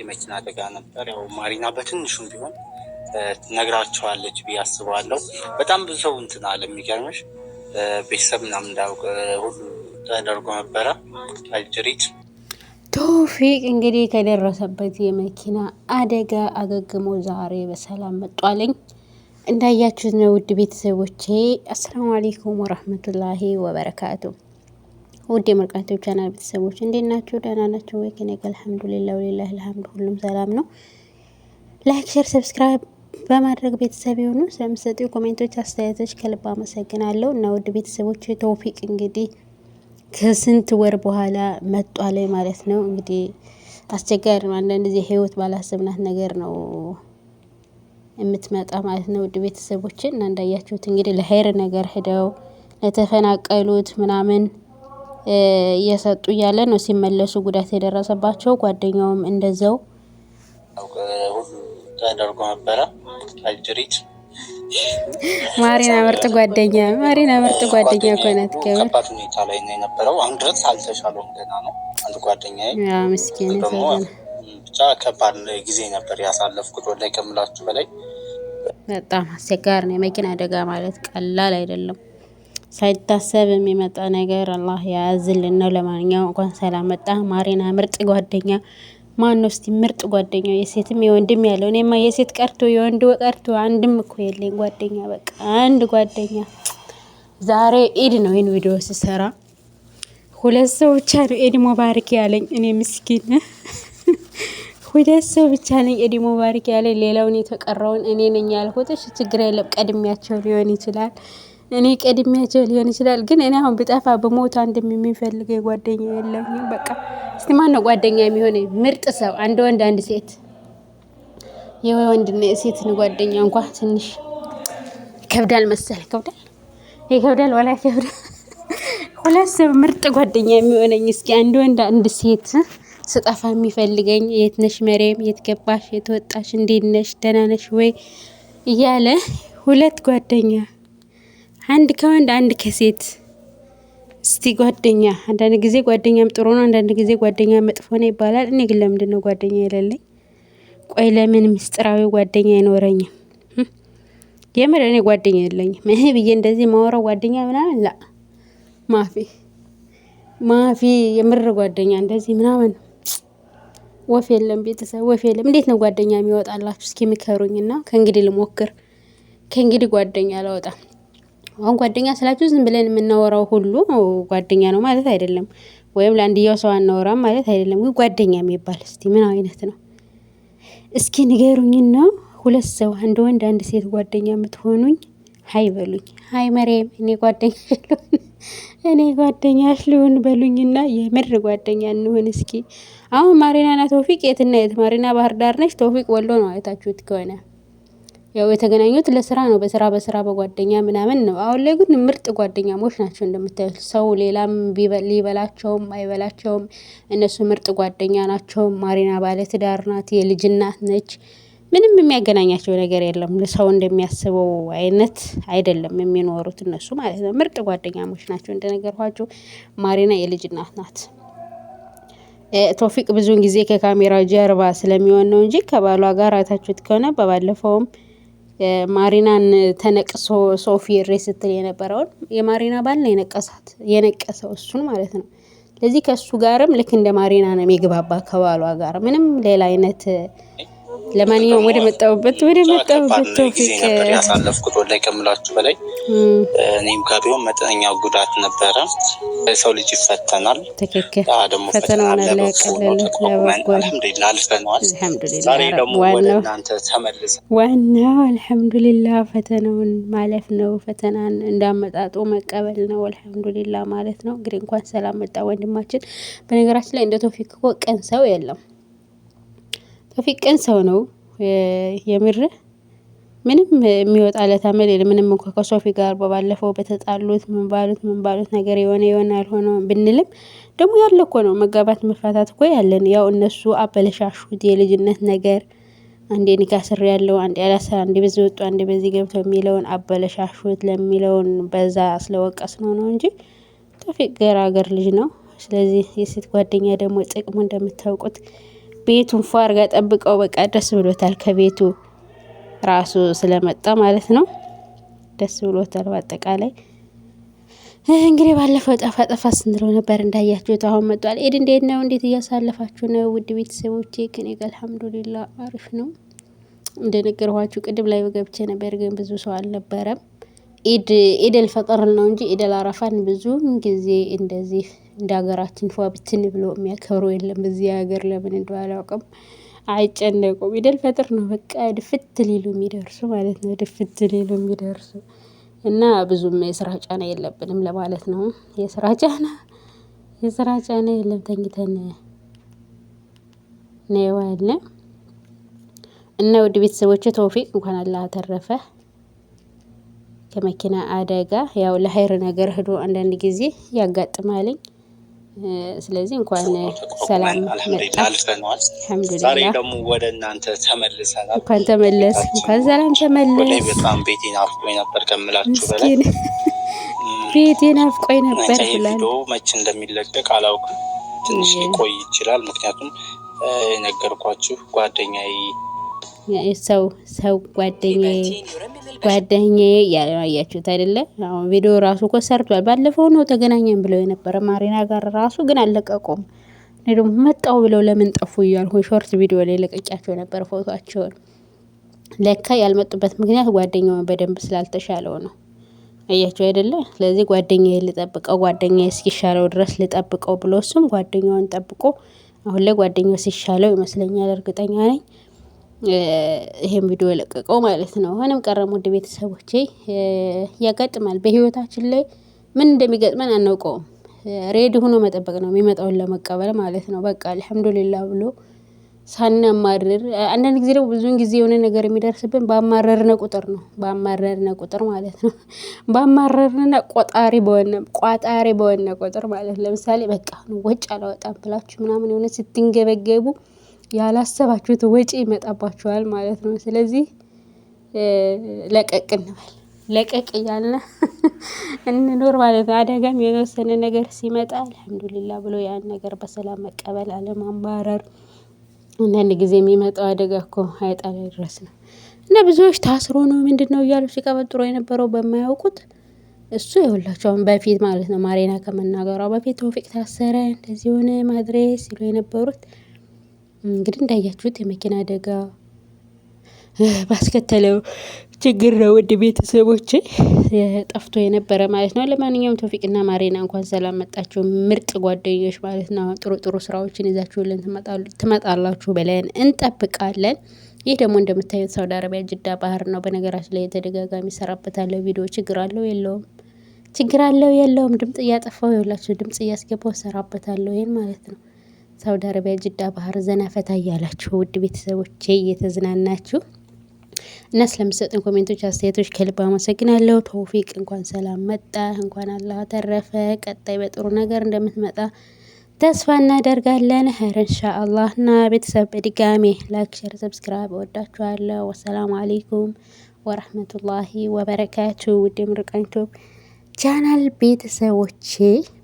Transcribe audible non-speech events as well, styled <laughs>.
የመኪና አደጋ ነበር። ያው ማሪና በትንሹም ቢሆን ነግራቸዋለች ብዬ አስባለሁ። በጣም ብዙ ሰው እንትን አለ። የሚገርምሽ ቤተሰብ ምናምን እንዳውቅ ሁሉ ተደርጎ ነበረ። አልጅሪት ቶፊቅ እንግዲህ ከደረሰበት የመኪና አደጋ አገግሞ ዛሬ በሰላም መጧለኝ። እንዳያችሁት ነው ውድ ቤተሰቦቼ። አሰላሙ አሌይኩም ወረህመቱላሂ ወበረካቱ ውድ የመርቃት ቻናል ቤተሰቦች እንዴት ናችሁ? ደህና ናችሁ ወይ? ከኔ ጋር አልሐምዱሊላህ ወሊላህ አልሐምዱ ሁሉም ሰላም ነው። ላይክ፣ ሼር፣ ሰብስክራይብ በማድረግ ቤተሰብ የሆኑ ስለምሰጡ ኮሜንቶች፣ አስተያየቶች ከልብ አመሰግናለሁ። እና ውድ ቤተሰቦች ተውፊቅ እንግዲህ ከስንት ወር በኋላ ላይ ማለት ነው። እንግዲህ አስቸጋሪ ነው። አንዳንድ ጊዜ ህይወት ባላሰብናት ነገር ነው የምትመጣ ማለት ነው። ውድ ቤተሰቦችን እና እንዳያችሁት እንግዲህ ለሀይር ነገር ሄደው ለተፈናቀሉት ምናምን እየሰጡ እያለ ነው ሲመለሱ ጉዳት የደረሰባቸው። ጓደኛውም እንደዛው ተደርጎ ነበረ። አጅሪት ማሪና ምርጥ ጓደኛ ማሪና ምርጥ ጓደኛ እኮ ከባድ ሁኔታ ላይ ነው የነበረው። አሁን ድረስ አልተሻለውም፣ ገና ነው። አንድ ጓደኛ ምስኪን ብቻ ከባድ ጊዜ ነበር ያሳለፍኩት። ከምላችሁ በላይ በጣም አስቸጋሪ ነው። የመኪና አደጋ ማለት ቀላል አይደለም። ሳይታሰብ የሚመጣ ነገር አላህ የያዝልን ነው። ለማንኛውም እንኳን ሰላም መጣ ማሬና ምርጥ ጓደኛ ማን ውስጥ ምርጥ ጓደኛ የሴትም የወንድም ያለው። እኔማ የሴት ቀርቶ የወንድ ቀርቶ አንድም እኮ የለኝ ጓደኛ፣ በቃ አንድ ጓደኛ። ዛሬ ኢድ ነው። ይህን ቪዲዮ ስሰራ ሁለት ሰው ብቻ ነው ኢድ ሞባርክ ያለኝ። እኔ ምስኪን ሁለት ሰው ብቻ ነኝ ኢድ ሞባርክ ያለኝ። ሌላውን የተቀረውን እኔ ነኝ ያልኩት። ችግር የለም ቀድሚያቸው ሊሆን ይችላል እኔ ቀድሜያቸው ሊሆን ይችላል። ግን እኔ አሁን ብጠፋ በሞት አንድም የሚፈልገ ጓደኛ የለም በቃ እስቲ ማን ነው ጓደኛ የሚሆነ ምርጥ ሰው? አንድ ወንድ፣ አንድ ሴት። የወንድና ሴት ጓደኛ እንኳ ትንሽ ይከብዳል መሰል ይከብዳል፣ ይከብዳል፣ ወላ ይከብዳል። ሁለት ሰው ምርጥ ጓደኛ የሚሆነኝ እስኪ አንድ ወንድ አንድ ሴት ስጠፋ የሚፈልገኝ የት ነሽ መሬም፣ የት ገባሽ፣ የት ወጣሽ፣ እንዴት ነሽ፣ ደህና ነሽ ወይ እያለ ሁለት ጓደኛ አንድ ከወንድ አንድ ከሴት እስቲ ጓደኛ አንዳንድ ጊዜ ጓደኛም ጥሩ ነው፣ አንዳንድ ጊዜ ጓደኛ መጥፎ ነው ይባላል። እኔ ግን ለምንድን ነው ጓደኛ የሌለኝ? ቆይ ለምን ምስጢራዊ ጓደኛ አይኖረኝም? የምር እኔ ጓደኛ የለኝም። ይሄ ብዬ እንደዚህ ማወራው ጓደኛ ምናምን ላ ማፊ ማፊ የምር ጓደኛ እንደዚህ ምናምን ወፍ የለም፣ ቤተሰብ ወፍ የለም። እንዴት ነው ጓደኛ የሚወጣላችሁ? እስኪ ምከሩኝ ምከሩኝና ከእንግዲህ ልሞክር። ከእንግዲህ ጓደኛ አላወጣም። አሁን ጓደኛ ስላችሁ ዝም ብለን የምናወራው ሁሉ ጓደኛ ነው ማለት አይደለም፣ ወይም ለአንድያው ሰው አናወራም ማለት አይደለም። ግን ጓደኛ የሚባል እስቲ ምን አይነት ነው? እስኪ ንገሩኝና ሁለት ሰው አንድ ወንድ አንድ ሴት ጓደኛ የምትሆኑኝ ሀይ በሉኝ። ሀይ መሬም እኔ ጓደኛ እኔ ጓደኛሽ ልሁን በሉኝና የምር ጓደኛ እንሆን እስኪ። አሁን ማሪናና ቶፊቅ የትና የት? ማሪና ባህር ዳር ነች፣ ቶፊቅ ወሎ ነው። አይታችሁት ከሆነ ያው የተገናኙት ለስራ ነው። በስራ በስራ በጓደኛ ምናምን ነው። አሁን ላይ ግን ምርጥ ጓደኛሞች ናቸው። እንደምታዩት ሰው ሌላም ሊበላቸውም አይበላቸውም እነሱ ምርጥ ጓደኛ ናቸው። ማሪና ባለትዳር ናት፣ የልጅ እናት ነች። ምንም የሚያገናኛቸው ነገር የለም። ሰው እንደሚያስበው አይነት አይደለም የሚኖሩት እነሱ ማለት ነው። ምርጥ ጓደኛሞች ናቸው። እንደነገርኳቸው ማሪና የልጅ እናት ናት። ቶፊቅ ብዙውን ጊዜ ከካሜራ ጀርባ ስለሚሆን ነው እንጂ ከባሏ ጋር አይታችሁት ከሆነ በባለፈውም ማሪናን ተነቅሶ ሶፊሬ ስትል የነበረውን የማሪና ባል ነው የነቀሳት የነቀሰው እሱን ማለት ነው። ለዚህ ከእሱ ጋርም ልክ እንደ ማሪና ነው የሚግባባ ከባሏ ጋር ምንም ሌላ አይነት ለማንኛውም ወደ መጣሁበት ወደ መጣሁበት ጊዜ ነበር ያሳለፍኩት። ወላይ ከምላችሁ በላይ እኔም ጋር ቢሆን መጠነኛ ጉዳት ነበረ። ሰው ልጅ ይፈተናል። ትክክል ደግሞ ፈተናውን አልሐምዱሊላህ አልፈነዋል። ዛሬ ዋናው አልሐምዱሊላህ ፈተናውን ማለፍ ነው። ፈተናን እንዳመጣጡ መቀበል ነው። አልሐምዱሊላ ማለት ነው። እንግዲህ እንኳን ሰላም መጣ ወንድማችን። በነገራችን ላይ እንደ ቶፊክ እኮ ቀን ሰው የለም ጠፊቅ ቀን ሰው ነው። የምር ምንም የሚወጣለት አመል የለም። ምንም እንኳ ከሶፊ ጋር በባለፈው በተጣሉት ምን ባሉት ምን ባሉት ነገር የሆነ የሆነ ያልሆነ ብንልም ደግሞ ያለ እኮ ነው መጋባት መፋታት እኮ ያለን። ያው እነሱ አበለሻሹት የልጅነት ነገር አንዴ ኒካ ስር ያለው አንዴ ያላሰ አንዴ በዚህ ወጡ አንዴ በዚህ ገብቶ የሚለውን አበለሻሹት ለሚለውን በዛ ስለወቀስ ነው ነው እንጂ ጠፊቅ ገራገር ልጅ ነው። ስለዚህ የሴት ጓደኛ ደግሞ ጥቅሙ እንደምታውቁት ቤቱን ፏርጋ ጠብቀው በቃ ደስ ብሎታል። ከቤቱ ራሱ ስለመጣ ማለት ነው ደስ ብሎታል። በአጠቃላይ እንግዲህ ባለፈው ጠፋ ጠፋ ስንለው ነበር እንዳያችሁት፣ አሁን መጧል። ኤድ እንዴት ነው? እንዴት እያሳለፋችሁ ነው? ውድ ቤተሰቦቼ ከኔ ጋር አልሐምዱሊላ አሪፍ ነው። እንደነገርኋችሁ ቅድም ላይ ገብቼ ነበር፣ ግን ብዙ ሰው አልነበረም። ኢድ ኢደል ፈጠር ነው እንጂ ኢደል አረፋን ብዙም ጊዜ እንደዚህ እንደ ሀገራችን ፏ ብትን ብሎ የሚያከብረው የለም። በዚህ ሀገር ለምን እንደው አላውቅም። አይጨነቁም። ኢደል ፈጥር ነው በቃ ድፍት ሊሉ የሚደርሱ ማለት ነው። ድፍት ሊሉ የሚደርሱ እና ብዙም የስራ ጫና የለብንም ለማለት ነው። የስራ ጫና የስራ ጫና የለም። ተኝተን ነዋለ እና ውድ ቤተሰቦቼ ተውፊቅ እንኳን አላህ አተረፈ ከመኪና አደጋ። ያው ለሀይር ነገር ሂዶ አንዳንድ ጊዜ ያጋጥማልኝ ስለዚህ እንኳን ሰላም መጣ። ዛሬ ደግሞ ወደ እናንተ ተመልሰናል። እንኳን ተመለስ፣ እንኳን ሰላም ተመለስ። በጣም ቤቴ ናፍቆኝ ነበር ከምላችሁ በላይ ቤቴ ናፍቆኝ ነበር። መቼ እንደሚለቀቅ አላውቅም። ትንሽ ሊቆይ ይችላል። ምክንያቱም የነገርኳችሁ ጓደኛዬ ሰው ሰው ጓደኛዬ ጓደኛዬ እያለ አይደለ? አሁን ቪዲዮ ራሱ እኮ ሰርቷል። ባለፈው ነው ተገናኘን ብለው የነበረ ማሪና ጋር ራሱ ግን አለቀቁም እኔ ደግሞ መጣው ብለው ለምን ጠፉ እያልኩ ሾርት ቪዲዮ ላይ ለቀቂያቸው ነበር ፎቶቸውን። ለካ ያልመጡበት ምክንያት ጓደኛውን በደንብ ስላልተሻለው ነው። አያቸው አይደለ? ስለዚህ ጓደኛ ልጠብቀው፣ ጓደኛ እስኪሻለው ድረስ ልጠብቀው ብሎ እሱም ጓደኛውን ጠብቆ አሁን ላይ ጓደኛው ሲሻለው ይመስለኛል፣ እርግጠኛ ነኝ። ይሄን ቪዲዮ የለቀቀው ማለት ነው። ሆነም ቀረም ውድ ቤተሰቦቼ ያጋጥማል። በህይወታችን ላይ ምን እንደሚገጥመን አናውቀውም። ሬድ ሆኖ መጠበቅ ነው የሚመጣውን ለመቀበል ማለት ነው። በቃ አልሐምዱሊላ ብሎ ሳናማርር አንዳንድ ጊዜ ደግሞ ብዙውን ጊዜ የሆነ ነገር የሚደርስብን ባማረርነ ቁጥር ነው። ባማረርነ ቁጥር ማለት ነው። <laughs> ባማረርነ ቆጣሪ በሆነ ቋጣሪ በሆነ ቁጥር ማለት ለምሳሌ በቃ ወጭ አላወጣም ብላችሁ ምናምን የሆነ ስትንገበገቡ ያላሰባችሁት ወጪ ይመጣባችኋል ማለት ነው። ስለዚህ ለቀቅ እንበል ለቀቅ እያልን <laughs> እንኖር ማለት ነው። አደጋም የወሰነ ነገር ሲመጣ አልሐምዱሊላ ብሎ ያን ነገር በሰላም መቀበል አለማማረር። አንዳንድ ጊዜ የሚመጣው አደጋ እኮ ላይ ድረስ ነው እና ብዙዎች ታስሮ ነው ምንድን ነው እያሉ ሲቀበጥሮ የነበረው በማያውቁት እሱ የሁላቸውን በፊት ማለት ነው ማሬና ከመናገሯ በፊት ቶፊቅ ታሰረ እንደዚህ ሆነ ማድሬስ ሲሉ የነበሩት እንግዲህ እንዳያችሁት የመኪና አደጋ ባስከተለው ችግር ነው። ውድ ቤተሰቦች ጠፍቶ የነበረ ማለት ነው። ለማንኛውም ቶፊቅና ማሬና እንኳን ሰላም መጣችሁ፣ ምርጥ ጓደኞች ማለት ነው። ጥሩ ጥሩ ስራዎችን ይዛችሁልን ትመጣላችሁ ብለን እንጠብቃለን። ይህ ደግሞ እንደምታዩት ሳውዲ አረቢያ ጅዳ ባህር ነው። በነገራችን ላይ የተደጋጋሚ ይሰራበታለሁ ቪዲዮ። ችግር አለው የለውም? ችግር አለው የለውም? ድምጽ እያጠፋው የላችሁ ድምጽ እያስገባው ይሰራበታለሁ ይህን ማለት ነው። ሳውዲ አረቢያ ጅዳ ባህር ዘና ፈታ እያላችሁ ውድ ቤተሰቦቼ እየተዝናናችሁ እና ስለምሰጥን ኮሜንቶች፣ አስተያየቶች ከልብ አመሰግናለሁ። ተውፊቅ እንኳን ሰላም መጣ፣ እንኳን አላህ ተረፈ። ቀጣይ በጥሩ ነገር እንደምትመጣ ተስፋ እናደርጋለን። ኸይር እንሻአላህ። እና ቤተሰብ በድጋሜ ላይክ፣ ሸር፣ ሰብስክራይብ ወዳችኋለሁ። ወሰላሙ አሌይኩም ወረህመቱላሂ ወበረካቱ። ውድ ምርቃኝቶ ቻናል ቤተሰቦቼ